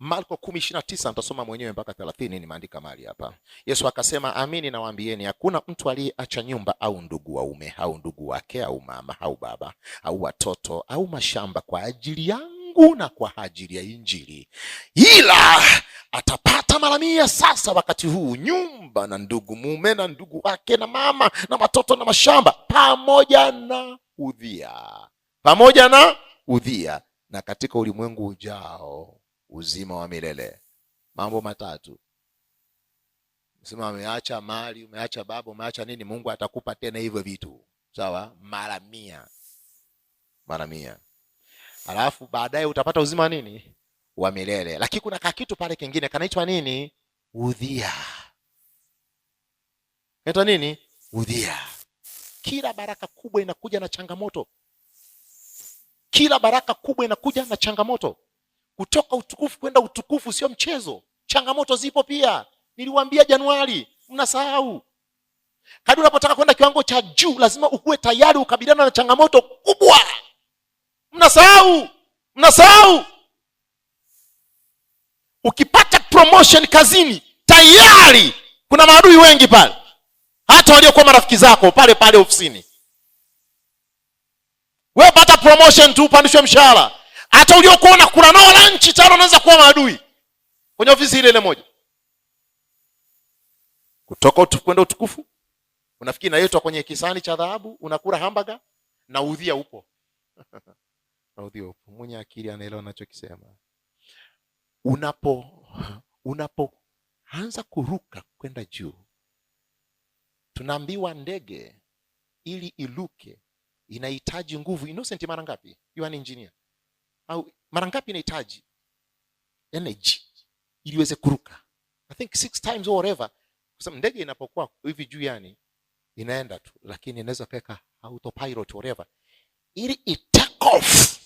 Marko 10:29 nitasoma mwenyewe mpaka 30, nimeandika mali hapa. Yesu akasema, amini nawaambieni, hakuna mtu aliyeacha nyumba au ndugu waume au ndugu wake au mama au baba au watoto au mashamba kwa ajili yangu na kwa ajili ya Injili, ila atapata mara mia sasa wakati huu nyumba na ndugu mume na ndugu wake na mama na watoto na mashamba pamoja na udhia, pamoja na udhia, na katika ulimwengu ujao uzima wa milele. Mambo matatu sema, umeacha mali, umeacha baba, umeacha nini, Mungu atakupa tena hivyo vitu sawa, mara mia, mara mia, alafu baadaye utapata uzima wa nini, wa milele. Lakini kuna kakitu pale kingine kanaitwa nini, udhia. Kanaitwa nini, udhia. Kila baraka kubwa inakuja na changamoto, kila baraka kubwa inakuja na changamoto kutoka utukufu kwenda utukufu sio mchezo. Changamoto zipo pia, niliwaambia Januari, mnasahau. Kadri unapotaka kwenda kiwango cha juu, lazima ukuwe tayari ukabiliana na changamoto kubwa. Mnasahau, mnasahau. Ukipata promotion kazini, tayari kuna maadui wengi pale, hata waliokuwa marafiki zako pale pale ofisini. Wewe pata promotion tu, upandishwe mshahara hata uliokuona kuna nao la nchi tano wanaweza kuwa maadui kwenye ofisi ile ile moja. Kutoka utu, kwenda utukufu unafikiri naletwa kwenye kisani cha dhahabu, unakula hamburger na udhia upo na udhia upo. Mwenye akili anaelewa anachokisema Unapo unapoanza kuruka kwenda juu, tunaambiwa ndege ili iluke inahitaji nguvu. Innocent mara ngapi? You are an engineer au mara ngapi inahitaji energy ili iweze kuruka, I think six times or whatever, kwa sababu ndege inapokuwa hivi juu, yani inaenda tu, lakini inaweza kuweka autopilot whatever, ili it take off.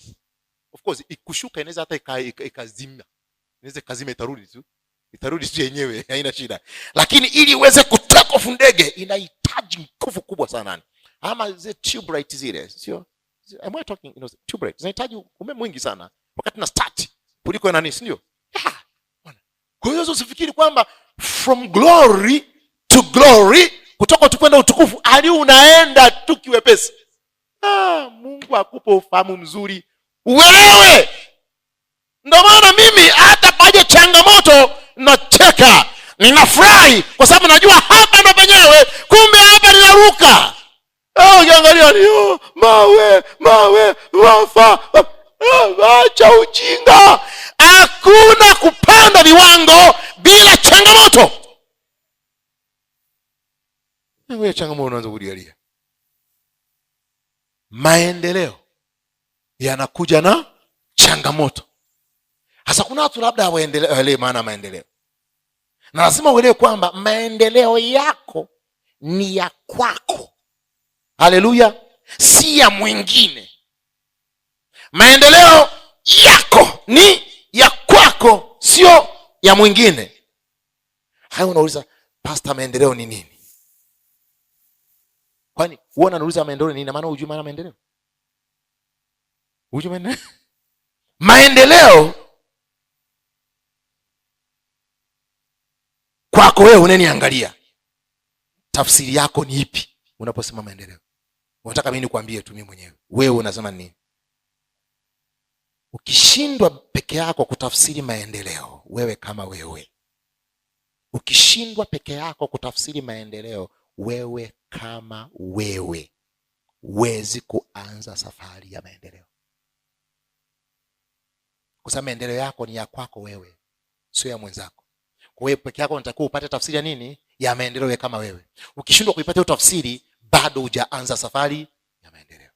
Of course ikushuka, inaweza hata ikazima, inaweza kazima, itarudi tu, itarudi tu yenyewe, haina shida, lakini ili iweze ku take off ndege inahitaji nguvu kubwa sana, ama zile tube light zile, sio am I talking you know, too bright. Zinahitaji umeme mwingi sana wakati na start kuliko nani, si ndio? Kwa hiyo usifikiri kwamba from glory to glory, kutoka tukwenda utukufu, ali unaenda tu kiwepesi. Ah, Mungu akupe ufahamu mzuri uelewe. Ndio maana mimi hata kwaje changamoto nacheka, ninafurahi kwa sababu najua hapa ndo penyewe, kumbe hapa ninaruka Eh, ukiangalia ni oh, mawe mawe wafa eh, acha ujinga hakuna kupanda viwango bila changamoto we changamoto unaanza kujalia. maendeleo yanakuja na changamoto hasa kuna watu labda hawaelewi maana ya maendeleo na lazima uelewe kwamba maendeleo yako ni ya kwako Haleluya, si ya mwingine. Maendeleo yako ni ya kwako, sio ya mwingine. Hayo unauliza pasta, maendeleo ni nini? Kwani uona nauliza maendeleo ni nini? Maana hujui maana maendeleo, hujui maana maendeleo kwako wewe uneniangalia, tafsiri yako ni ipi unaposema maendeleo? Unataka mi nikuambie tu mi mwenyewe, wewe unasema nini? Ukishindwa peke yako kutafsiri maendeleo, wewe kama wewe, ukishindwa peke yako kutafsiri maendeleo, wewe kama wewe, huwezi kuanza safari ya maendeleo, kwa sababu maendeleo yako ni ya kwako wewe, sio ya mwenzako. Kwa hiyo peke yako unatakiwa upate tafsiri ya nini ya maendeleo, wewe kama wewe. Ukishindwa kuipata hiyo tafsiri bado hujaanza safari ya maendeleo.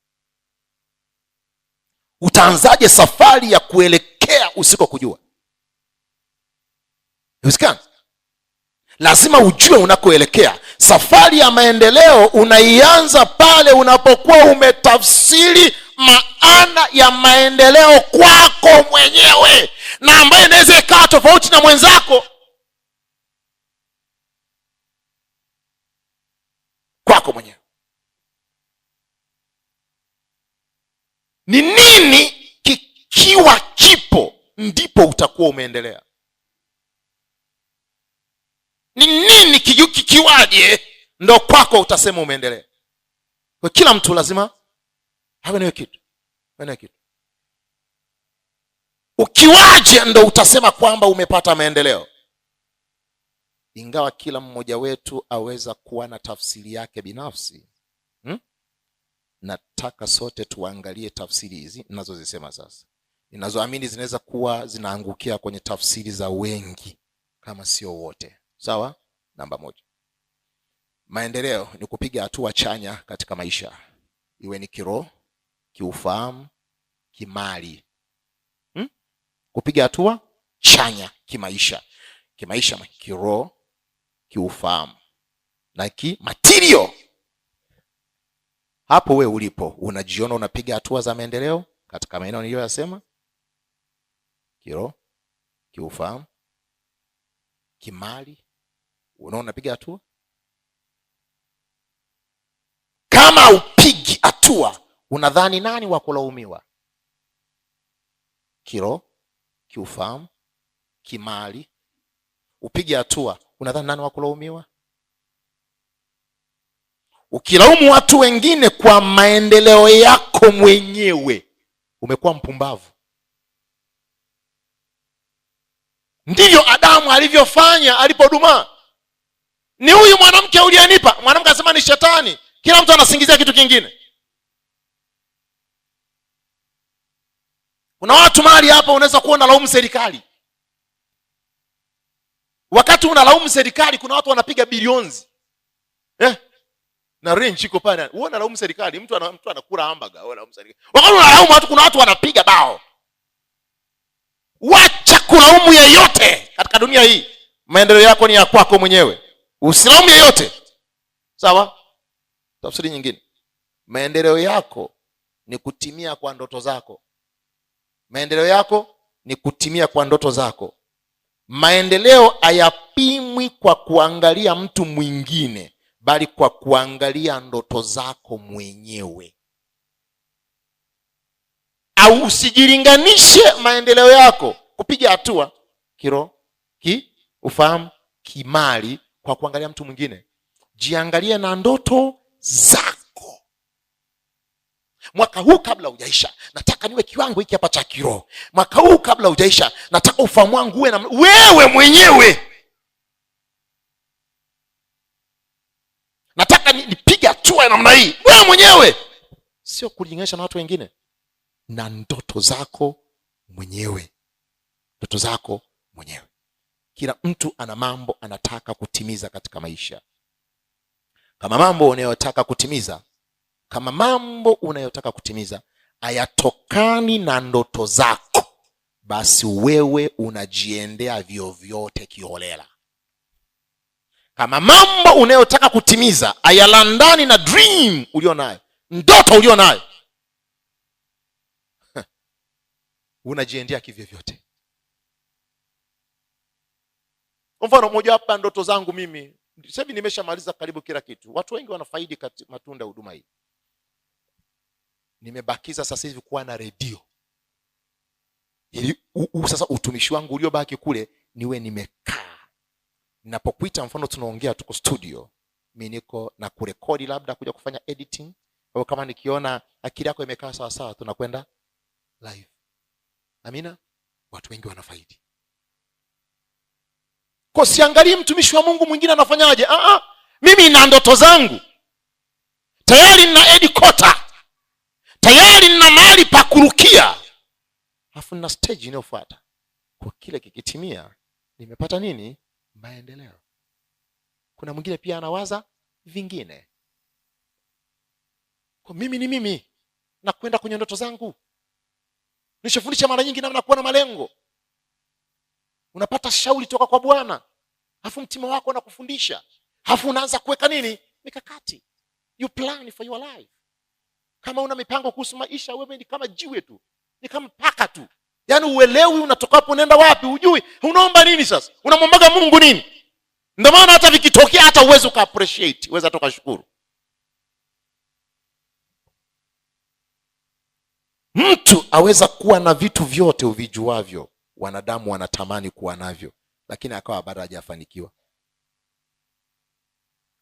Utaanzaje safari ya kuelekea usiko kujua? Iwezekana lazima ujue unakoelekea. Safari ya maendeleo unaianza pale unapokuwa umetafsiri maana ya maendeleo kwako mwenyewe, na ambayo inaweza ikawa tofauti na mwenzako. Kwako mwenyewe Ni nini kikiwa kipo ndipo utakuwa umeendelea. Ni nini kikiwaje ndo kwako utasema umeendelea. Kwa kila mtu lazima awe nayo kitu, awe nayo kitu. Ukiwaje ndo utasema kwamba umepata maendeleo, ingawa kila mmoja wetu aweza kuwa na tafsiri yake binafsi nataka sote tuangalie tafsiri hizi ninazozisema sasa, ninazoamini zinaweza kuwa zinaangukia kwenye tafsiri za wengi kama sio wote. Sawa, namba moja, maendeleo ni kupiga hatua chanya katika maisha, iwe ni kiroho, kiufahamu, kimali hmm? kupiga hatua chanya kimaisha, kimaisha, kiroho, kiufahamu na kimatirio hapo we ulipo unajiona unapiga hatua za maendeleo katika maeneo niliyoyasema: kiro kiufahamu, kimali? unao unapiga hatua? Kama upigi hatua, unadhani nani wa kulaumiwa? kiro kiufahamu, kimali, upige hatua, unadhani nani wa kulaumiwa? Ukilaumu watu wengine kwa maendeleo yako mwenyewe, umekuwa mpumbavu. Ndivyo Adamu alivyofanya alipodumaa. Ni huyu mwanamke uliyenipa. Mwanamke anasema ni shetani, kila mtu anasingizia kitu kingine. Kuna watu mahali hapa, unaweza kuwa unalaumu serikali. Wakati unalaumu serikali, kuna watu wanapiga bilionzi na range iko pale. Wewe unalaumu serikali, mtu mtu anakula hamburger, wewe unalaumu serikali. Wakati unalaumu watu, kuna watu wanapiga bao. Wacha kulaumu yeyote katika dunia hii. Maendeleo yako ni ya kwako mwenyewe, usilaumu yeyote. Sawa? Tafsiri nyingine, maendeleo yako ni kutimia kwa ndoto zako. Maendeleo yako ni kutimia kwa ndoto zako. Maendeleo hayapimwi kwa kuangalia mtu mwingine bali kwa kuangalia ndoto zako mwenyewe, au usijilinganishe maendeleo yako kupiga hatua kiro ki ufahamu, kimali kwa kuangalia mtu mwingine. Jiangalie na ndoto zako. Mwaka huu kabla hujaisha, nataka niwe kiwango hiki hapa cha kiroho. Mwaka huu kabla hujaisha, nataka ufahamu wangu uwe na wewe mwenyewe nilipiga hatua ya namna hii wewe mwenyewe, sio kulinganisha na watu wengine na ndoto zako mwenyewe, ndoto zako mwenyewe. Kila mtu ana mambo anataka kutimiza katika maisha. Kama mambo unayotaka kutimiza, kama mambo unayotaka kutimiza hayatokani na ndoto zako, basi wewe unajiendea vyovyote kiholela. Kama mambo unayotaka kutimiza ayalandani na dream ulio nayo, ndoto ulio nayo, unajiendea kivyovyote. Kwa mfano moja hapa, ndoto zangu mimi sasa hivi nimeshamaliza karibu kila kitu. Watu wengi wanafaidi kati matunda ya huduma hii. Nimebakiza sasa hivi kuwa na redio ili sasa utumishi wangu uliobaki kule niwe nimekaa napokuita mfano tunaongea, tuko studio, mi niko na kurekodi, labda kuja kufanya editing. Kwa kama nikiona akili yako imekaa sawa sawa, tunakwenda live. Amina, watu wengi wanafaidi kwa, siangalii mtumishi wa Mungu mwingine anafanyaje. Ah ah, mimi na ndoto zangu tayari, nina edikota tayari, nina mahali pa kurukia, alafu nina stage inayofuata. Kwa kile kikitimia, nimepata nini? maendeleo. Kuna mwingine pia anawaza vingine, kwa mimi ni mimi na kwenda kwenye ndoto zangu. Nishafundisha mara nyingi namna kuwa na malengo, unapata shauri toka kwa Bwana alafu mtima wako anakufundisha alafu unaanza kuweka nini mikakati, you plan for your life. Kama una mipango kuhusu maisha, wewe ni kama jiwe tu, ni kama paka tu. Yaani uelewi unatokapo unaenda wapi, hujui unaomba nini. Sasa unamwambaga Mungu nini? Ndio maana hata vikitokea hata uweze uka appreciate, uweze hata ukashukuru. Mtu aweza kuwa na vitu vyote uvijuavyo, wanadamu wanatamani kuwa navyo, lakini akawa bado hajafanikiwa,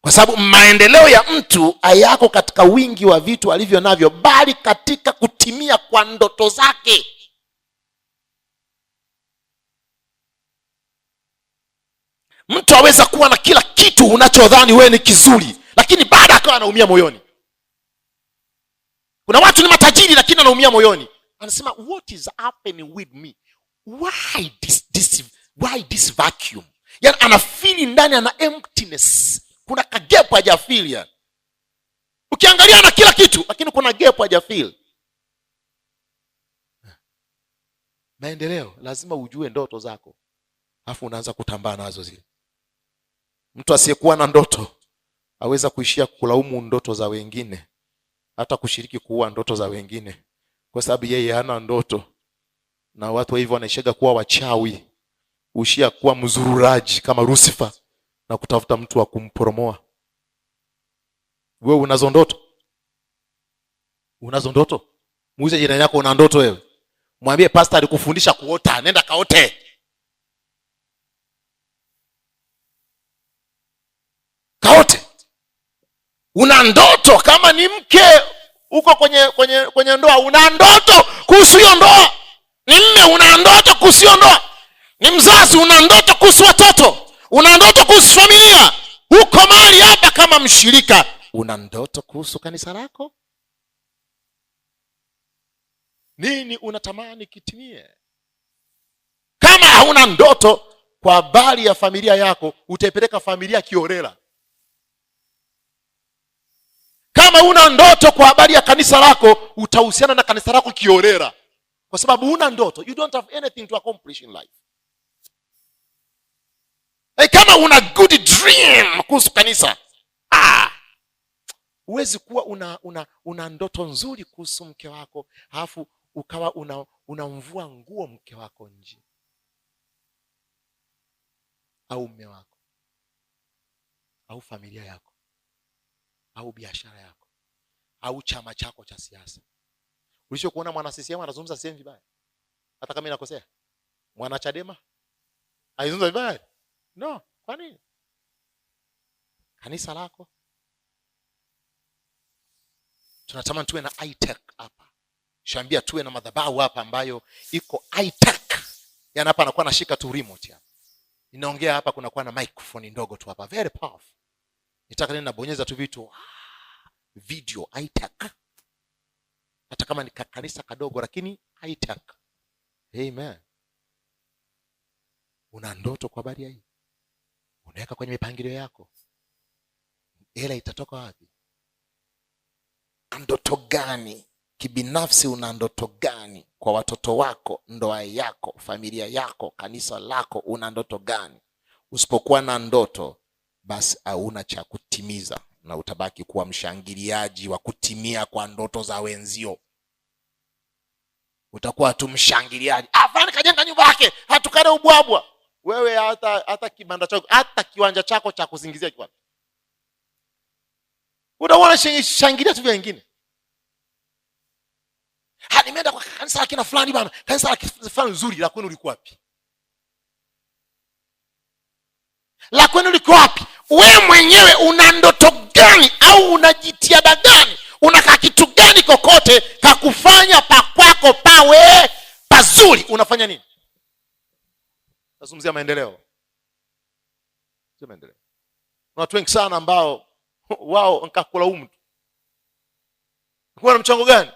kwa sababu maendeleo ya mtu hayako katika wingi wa vitu alivyo navyo, bali katika kutimia kwa ndoto zake. Mtu aweza kuwa na kila kitu unachodhani wewe ni kizuri, lakini baada akawa anaumia moyoni. Kuna watu ni matajiri, lakini anaumia moyoni, anasema what is happening with me, why this, this, why this vacuum? Yani anafili ndani ana emptiness, kuna kagepo hajafili yani. Ukiangalia na kila kitu, lakini kuna gepo hajafili. Maendeleo lazima ujue ndoto zako, alafu unaanza kutambaa nazo zile Mtu asiyekuwa na ndoto aweza kuishia kulaumu ndoto za wengine, hata kushiriki kuua ndoto za wengine, kwa sababu yeye hana ndoto. Na watu hivyo wanaishaga kuwa wachawi, ushia kuwa mzururaji kama Lucifer na kutafuta mtu wa kumporomoa. Wewe unazo ndoto? Unazo ndoto? Muuze jirani yako una ndoto wewe. Mwambie pastor alikufundisha kuota, nenda kaote. una ndoto kama ni mke uko kwenye kwenye kwenye ndoa, una ndoto kuhusu hiyo ndoa. Ni mme, una ndoto kuhusu hiyo ndoa. Ni mzazi, una ndoto kuhusu watoto, una ndoto kuhusu familia. huko mahali hapa kama mshirika, una ndoto kuhusu kanisa lako. Nini unatamani kitimie? Kama hauna ndoto kwa bali ya familia yako, utaipeleka familia kiorela. Kama una ndoto kwa habari ya kanisa lako, utahusiana na kanisa lako kiorera, kwa sababu una ndoto, you don't have anything to accomplish in life. Hey, kama una good dream kuhusu kanisa ah, kuwa una, una, una ndoto nzuri kuhusu mke wako alafu ukawa unamvua una nguo mke wako nje au mme wako au familia yako au biashara yako au chama chako cha siasa. Ulishokuona mwana CCM anazungumza sehemu vibaya, hata kama inakosea, mwana Chadema aizungumza vibaya no? Kwa nini? Kanisa lako tunatamani tuwe na itech hapa, shambia tuwe na madhabahu hapa ambayo iko itech tech yani hapa anakuwa anashika tu remote hapa, inaongea hapa, kuna kuwa na microphone ndogo tu hapa, very powerful nitaka nini, nabonyeza tu vitu ah, video itak, hata kama ni kanisa kadogo, lakini itak. Amen. Una ndoto kwa habari hii, unaweka kwenye mipangilio yako, hela itatoka wapi? Ndoto gani kibinafsi? Una ndoto gani kwa watoto wako, ndoa yako, familia yako, kanisa lako? Una ndoto gani? Usipokuwa na ndoto basi hauna cha kutimiza na utabaki kuwa mshangiliaji wa kutimia kwa ndoto za wenzio. Utakuwa tu mshangiliaji, ah, fulani kajenga nyumba yake, hatukane ubwabwa. Wewe hata hata kibanda chako hata kiwanja chako cha kuzingizia kiko wapi? Unaona, shangilia tu vingine. Ha, ah, nimeenda kwa kanisa la kina fulani bana, kanisa la fulani nzuri. La kwenu liko wapi? La kwenu liko wapi? we mwenyewe una ndoto gani au una jitihada gani unaka kitu gani kokote kakufanya pakwako pawe pazuri unafanya nini nazungumzia maendeleo maendeleo na watu wengi sana ambao wao nkakulaumu tu kuwa na mchango gani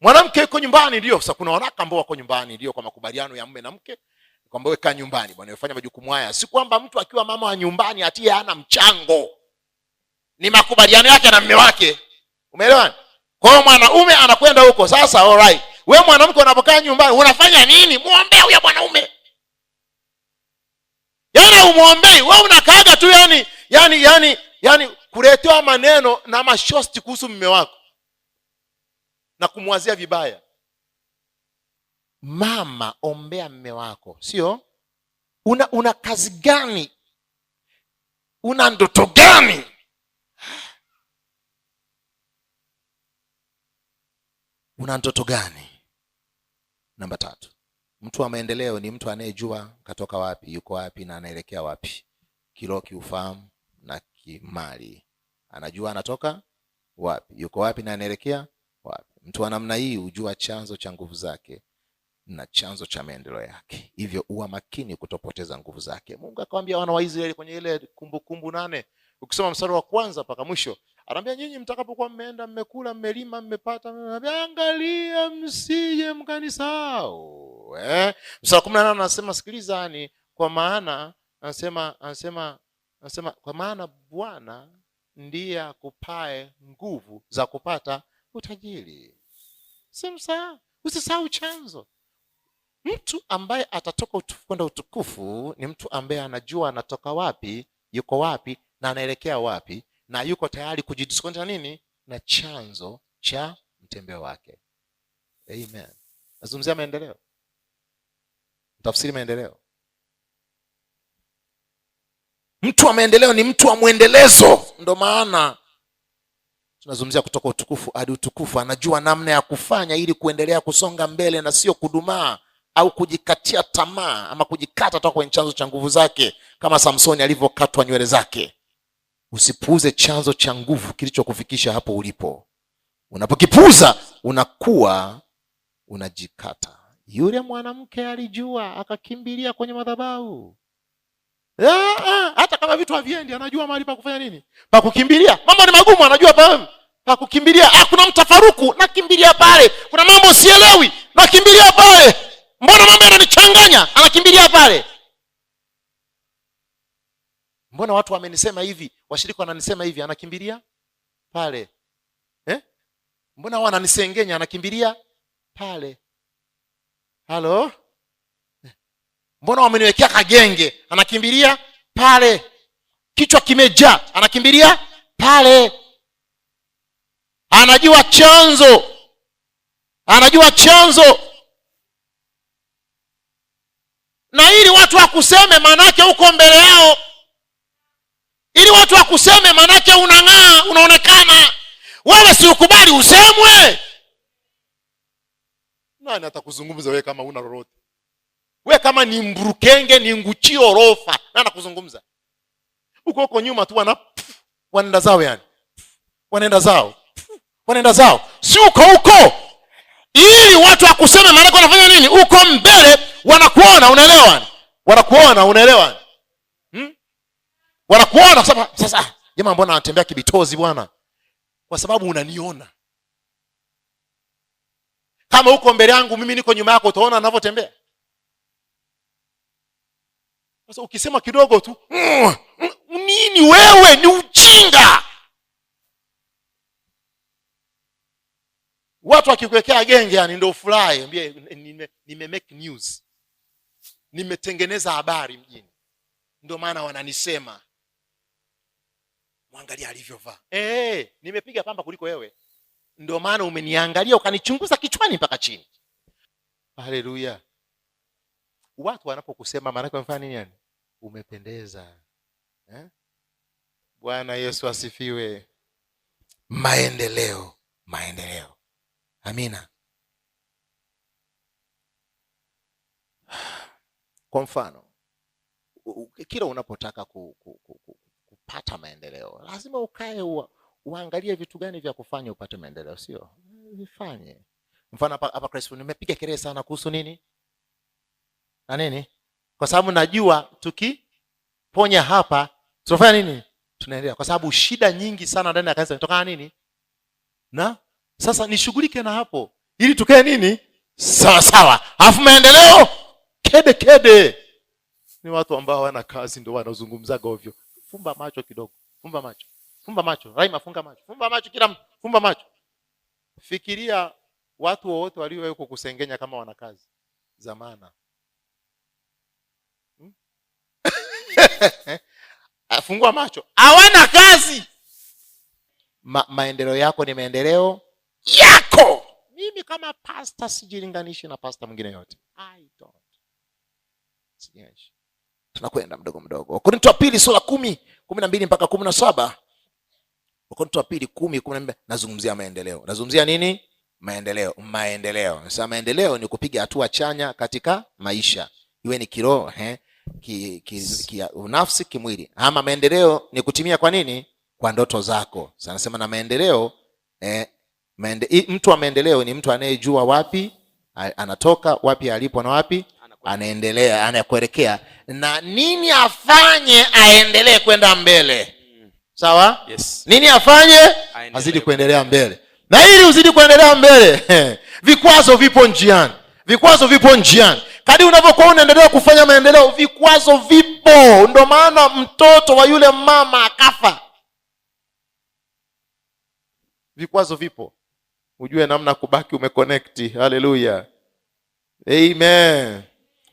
mwanamke yuko nyumbani ndio sasa kuna wanaka ambao wako nyumbani ndio kwa makubaliano ya mme na mke kwamba wewe kaa nyumbani bwana, ufanya majukumu haya. Si kwamba mtu akiwa mama wa nyumbani atie hana mchango, ni makubaliano yake na mume wake, umeelewa Kwa hiyo mwanaume anakwenda huko sasa. right, wewe mwanamke unapokaa nyumbani unafanya nini? Muombee huyo mwanaume, yana umuombei wewe, unakaaga tu yani, yani, yani, yani yaani kuletewa maneno na mashosti kuhusu mume wako na kumwazia vibaya Mama, ombea mme wako, sio una, una kazi gani? Una ndoto gani? Una ndoto gani? Namba tatu, mtu wa maendeleo ni mtu anayejua katoka wapi, yuko wapi na anaelekea wapi, kiroho, kiufahamu na kimali. Anajua anatoka wapi, yuko wapi na anaelekea wapi. Mtu wa namna hii hujua chanzo cha nguvu zake na chanzo cha maendeleo yake. Hivyo uwa makini kutopoteza nguvu zake. Mungu akamwambia wana wa Israeli kwenye ile Kumbukumbu kumbu nane, ukisoma mstari wa kwanza mpaka mwisho, anaambia nyinyi, mtakapokuwa mmeenda, mmekula, mmelima, mmepata, anaambia angalia msije mkanisahau. Eh, mstari wa 18 anasema sikilizani, kwa maana anasema anasema anasema kwa maana Bwana ndiye akupae nguvu za kupata utajiri. Simsa, usisahau chanzo Mtu ambaye atatoka kwenda utukufu ni mtu ambaye anajua anatoka wapi, yuko wapi na anaelekea wapi, na yuko tayari kujidiskonta nini na chanzo cha mtembeo wake. Amen. Nazungumzia maendeleo, tafsiri maendeleo. Mtu wa maendeleo ni mtu wa mwendelezo. Ndo maana tunazungumzia kutoka utukufu hadi utukufu. Anajua namna ya kufanya ili kuendelea kusonga mbele na sio kudumaa au kujikatia tamaa ama kujikata toka kwenye chanzo cha nguvu zake, kama Samsoni alivyokatwa nywele zake. Usipuuze chanzo cha nguvu kilichokufikisha hapo ulipo. Unapokipuuza unakuwa unajikata. Yule mwanamke alijua, akakimbilia kwenye madhabahu. Eh, eh, hata kama vitu haviendi, anajua mahali pa kufanya nini, pa kukimbilia. Mambo ni magumu, anajua pa pa kukimbilia. Ah, kuna mtafaruku, nakimbilia pale. Kuna mambo sielewi, nakimbilia pale mbona mambo yananichanganya? Anakimbilia pale, mbona watu wamenisema hivi, washirika wananisema hivi, anakimbilia pale eh? mbona ananisengenya Anakimbilia pale. Halo, eh. mbona wameniwekea kagenge? Anakimbilia pale. Kichwa kimejaa, anakimbilia pale. Anajua chanzo, anajua chanzo na ili watu wakuseme, manake uko mbele yao, ili watu wakuseme, maanake unang'aa, unaonekana. Wewe si ukubali usemwe. Nani atakuzungumza wee kama una lolote? wee kama ni mburukenge, ni nguchio rofa, nani atakuzungumza? Huko huko nyuma tu wana wanaenda zao, yani wanaenda zao, wanaenda zao, si uko huko, ili watu wakuseme, maanake wanafanya nini? Uko mbele wanakuona unaelewa, wanakuona unaelewa, hmm? Wanakuona sasa, sasa ah, jamaa, mbona anatembea kibitozi bwana? Kwa sababu unaniona kama uko mbele yangu, mimi niko nyuma yako, utaona anavyotembea. Sasa ukisema kidogo tu mm, mm, nini wewe, ni ujinga. Watu wakikuwekea genge, yani ndio furahi, ambie nime, nime make news nimetengeneza habari mjini, ndio maana wananisema mwangalia alivyovaa. Eh, nimepiga pamba kuliko wewe, ndio maana umeniangalia ukanichunguza kichwani mpaka chini. Haleluya! watu wanapokusema maana yake wamefanya nini? Yani umependeza eh? Bwana Yesu asifiwe. Maendeleo, maendeleo. Amina. Kwa mfano, kila unapotaka ku, ku, ku, ku, kupata maendeleo lazima ukae u, uangalie vitu gani vya kufanya upate maendeleo, sio vifanye. Mfano hapa hapa Kristo, nimepiga kelele sana kuhusu nini na nini, kwa sababu najua tukiponya hapa tunafanya nini, tunaendelea, kwa sababu shida nyingi sana ndani ya kanisa inatokana nini, na sasa nishughulike na hapo ili tukae nini sawa sawa, alafu maendeleo kede kede. Ni watu ambao wana kazi ndio wanazungumzaga ovyo. Fumba macho kidogo, fumba macho, fumba macho. Raima, funga macho, fumba macho, kila mtu fumba macho. Fikiria watu wowote waliowahi kukusengenya kama wana kazi zamana, hmm? Eh, fungua macho, hawana kazi. Ma, maendeleo yako ni maendeleo yako. Mimi kama pasta sijilinganishi na pasta mwingine yote I don't. Sinyonyi. Tunakwenda mdogo mdogo. wakorinto wa pili sura kumi kumi na mbili mpaka kumi na saba Wakorintho wa pili kumi kumi na mbili Nazungumzia maendeleo. Nazungumzia nini? Maendeleo, maendeleo. Sasa maendeleo ni kupiga hatua chanya katika maisha, iwe ni kiroho eh, ki, ki, ki, nafsi kimwili. Ama maendeleo ni kutimia kwa nini? Kwa ndoto zako. Sasa nasema na maendeleo eh, maende, mtu wa maendeleo ni mtu anayejua wapi anatoka, wapi alipo na wapi anaendelea anakuelekea na nini afanye aendelee kwenda mbele sawa yes. nini afanye azidi kuendelea mbele na ili uzidi kuendelea mbele vikwazo vipo njiani vikwazo vipo njiani kadi unavyokuwa unaendelea kufanya maendeleo vikwazo vipo ndo maana mtoto wa yule mama akafa vikwazo vipo ujue namna kubaki umeonekti haleluya amen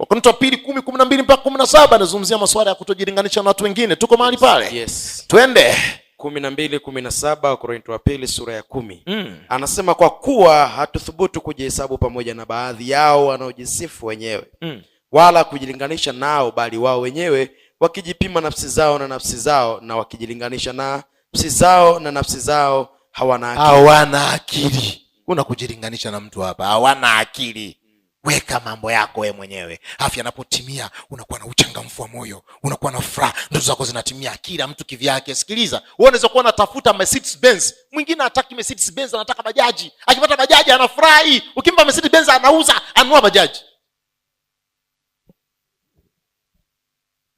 wakorinto wa pili kumi kumi na mbili mpaka kumi na saba anazungumzia masuala ya kutojilinganisha na watu wengine. Tuko mahali pale, yes. Twende kumi na mbili kumi na saba Wakorintho wa pili sura ya kumi mm. Anasema kwa kuwa hatuthubutu kujihesabu pamoja na baadhi yao wanaojisifu wenyewe mm. wala kujilinganisha nao, bali wao wenyewe wakijipima nafsi zao na nafsi zao na wakijilinganisha na nafsi zao na nafsi zao hawana akili. Hawana akili. Kuna kujilinganisha na mtu hapa, hawana akili Weka mambo yako wewe mwenyewe. Afya anapotimia unakuwa na uchangamfu wa moyo, unakuwa na furaha, ndoto zako zinatimia, kila mtu kivyake. Sikiliza, wewe unaweza kuwa unatafuta Mercedes Benz, mwingine hataki Mercedes Benz, anataka bajaji. Akipata bajaji anafurahi, ukimpa Mercedes Benz anauza, anua bajaji.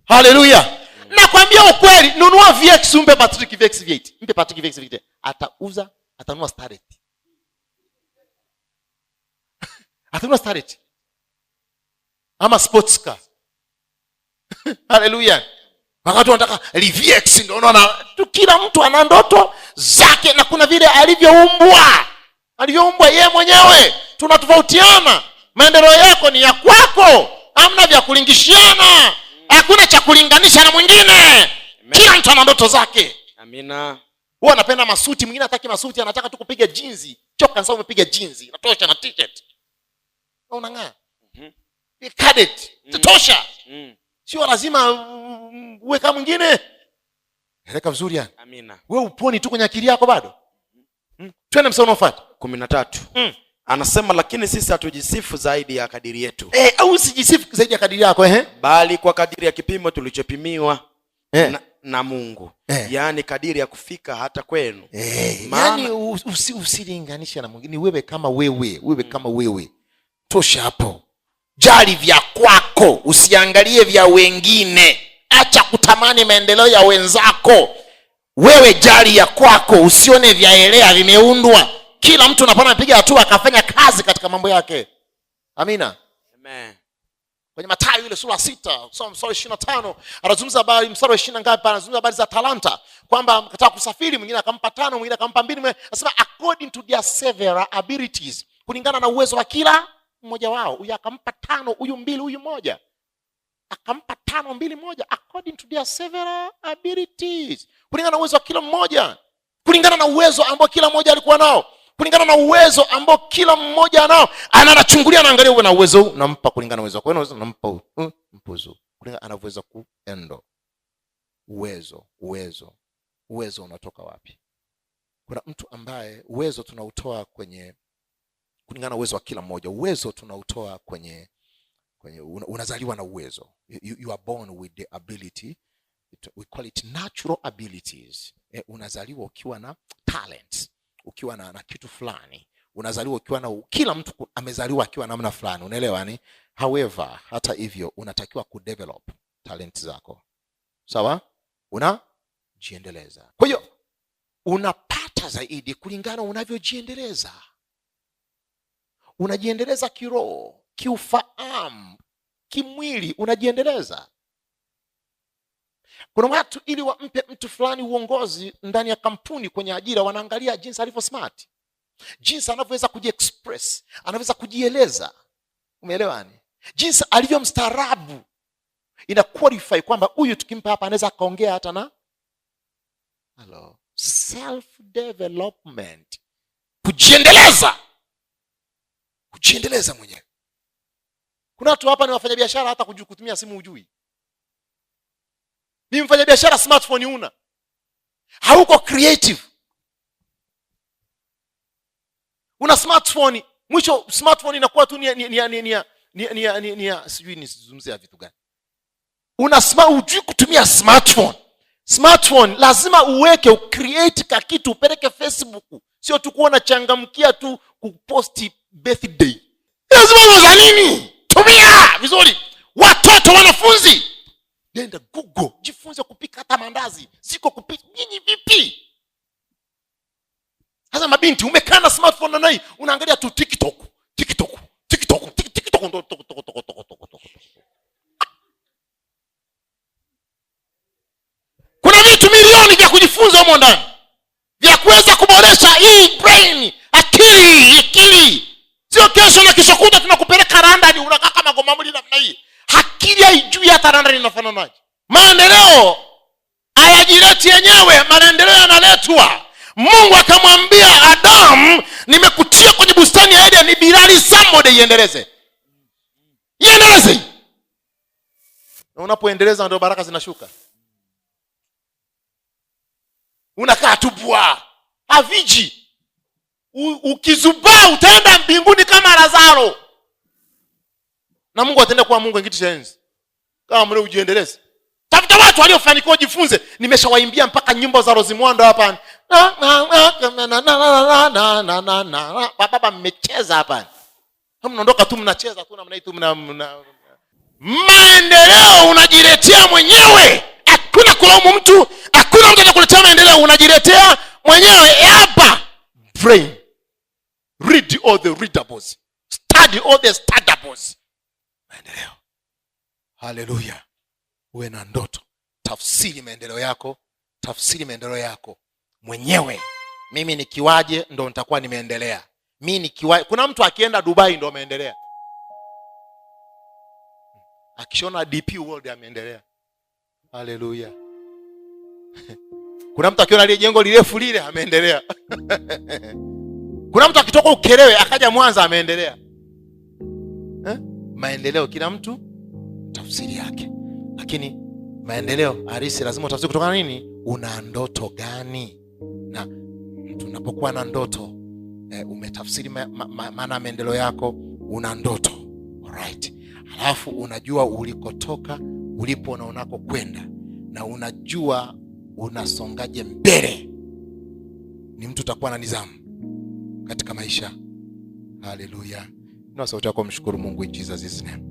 Haleluya! Nakwambia ukweli, nunua VX, umpe Patrick VX V8, mpe Patrick VX V8, atauza, atanua Starlet hatuna starit ama sports car haleluya wakati wanataka LVX ndio unaona kila mtu ana ndoto zake na kuna vile alivyoumbwa alivyoumbwa yeye mwenyewe tunatofautiana maendeleo yako ni ya kwako hamna vya kulingishiana hakuna cha kulinganisha na mwingine kila mtu ana ndoto zake amina huwa anapenda masuti mwingine hataki masuti anataka tu kupiga jinzi choka sasa umepiga jinzi natosha na ticket unang'aa mhm. mm -hmm. mm -hmm. tatosha mm -hmm. sio lazima mm, uwe mwingine. Eleka vizuri yani. Amina. Wewe uponi tu kwenye akili yako bado. Mhm. Mm. twende msa unaofata kumi na tatu mm. Anasema lakini sisi hatujisifu zaidi ya kadiri yetu. e, au sijisifu zaidi ya kadiri yako ehe Bali kwa kadiri ya kipimo tulichopimiwa e. na, na Mungu. e. Yaani kadiri ya kufika hata kwenu. e. Maana... yani, usilinganishe usi na ni wewe kama wewe, wewe kama wewe tosha hapo. Jali vya kwako, usiangalie vya wengine. Acha kutamani maendeleo ya wenzako, wewe jali ya kwako, usione vya elea vimeundwa. Kila mtu napana apiga hatua akafanya kazi katika mambo yake. Amina, amen. Kwenye matayo ile sura sita mstari ishirini na tano anazungumza habari, mstari wa ishirini na ngapi? Anazungumza habari za talanta, kwamba mkataka kusafiri, mwingine akampa tano, mwingine akampa mbili, anasema according to their several abilities, kulingana na uwezo wa kila mmoja wao, huyu akampa tano, huyu mbili, huyu moja, akampa tano mbili moja, according to their several abilities, kulingana na uwezo wa kila mmoja, kulingana na uwezo ambao kila mmoja alikuwa nao, kulingana na uwezo ambao kila mmoja anao. Anachungulia, anaangalia, uwe na uwezo huu, nampa kulingana na uwezo wako, unaweza nampa hmm, mpuzu kulingana anavyoweza kuendo. Uwezo, uwezo, uwezo unatoka wapi? Kuna mtu ambaye uwezo tunautoa kwenye kulingana na uwezo wa kila mmoja. Uwezo tunautoa kwenye, kwenye unazaliwa na uwezo. You, you are born with the ability we call it natural abilities. e, unazaliwa ukiwa na talent, ukiwa na, na kitu fulani unazaliwa ukiwa na kila mtu amezaliwa akiwa namna fulani, unaelewa ni. However, hata hivyo unatakiwa kudevelop talent zako, sawa, unajiendeleza. Kwa hiyo unapata zaidi kulingana unavyojiendeleza unajiendeleza kiroho, kiufahamu, kimwili unajiendeleza. Kuna watu ili wampe mtu fulani uongozi ndani ya kampuni, kwenye ajira, wanaangalia jinsi alivyo smart, jinsi anavyoweza kujiexpress, anaweza kujieleza, umeelewani, jinsi alivyo mstaarabu, ina qualify kwamba huyu tukimpa hapa anaweza akaongea hata na Hello. Self development, kujiendeleza kuchiendeleza mwenyewe. Kuna watu hapa ni wafanyabiashara, hata kujua kutumia simu hujui. Ni mfanyabiashara, smartphone una, hauko creative. Una smartphone, mwisho smartphone inakuwa tu ni ni ni ni ni ni ni sijui nizungumzia vitu gani. Una hujui kutumia smartphone. Smartphone lazima uweke, ucreate ka kitu, upeleke Facebook sio tu kuwa nachangamkia tu kuposti birthday. Lazima uzalini tumia vizuri. Watoto wanafunzi, nenda Google jifunze kupika, hata mandazi ziko kupika. Nyinyi vipi? Sasa mabinti, umekaa na smartphone na nai unaangalia tu TikTok, TikTok, TikTok, TikTok, TikTok. Kuna vitu milioni vya kujifunza humo ndani vya kuweza kuboresha hii brain, akili akili, sio kesho na kesho kuta tunakupeleka unakaa kama goma mli namna hii. Akili haijui hata inafananaje. Maendeleo hayajileti yenyewe, maendeleo yanaletwa. Mungu akamwambia Adamu, nimekutia kwenye bustani ya bilali iendeleze, iendeleze. Na unapoendeleza ndio baraka zinashuka. Unakaa tubwaa haviji. Ukizubaa utaenda mbinguni kama Lazaro, na Mungu ataenda kuwa Mungu ngiti chaenzi Kama mle ujiendeleze, tafuta watu waliofanikiwa, ujifunze. Nimeshawaimbia mpaka nyimbo za Rose Muhando hapa, baba, mmecheza hapa, mnaondoka tu, mnacheza tu namna hii tu, mna maendeleo unajiletea mwenyewe. Hakuna kulaumu mtu, hakuna mtu atakuletea maendeleo, unajiletea mwenyewe hapa brain read all the readables study all the studables maendeleo haleluya uwe na ndoto tafsiri maendeleo yako tafsiri maendeleo yako mwenyewe mimi nikiwaje ndo nitakuwa nimeendelea mi nikiwa kuna mtu akienda dubai ndo ameendelea akishona dp world ameendelea haleluya Kuna mtu akiona lile jengo lirefu lile ameendelea. Kuna mtu akitoka Ukerewe akaja Mwanza ameendelea. Eh? Maendeleo kila mtu tafsiri yake. Lakini maendeleo arisi lazima utafsiri kutokana nini? Una ndoto gani? Na tunapokuwa na ndoto eh, umetafsiri maana ma, ma, ma, maendeleo yako una ndoto. Alright. Halafu unajua ulikotoka, ulipo na unako kwenda na unajua unasongaje mbele, ni mtu utakuwa na nidhamu katika maisha. Haleluya! na sauti yako mshukuru Mungu in Jesus name.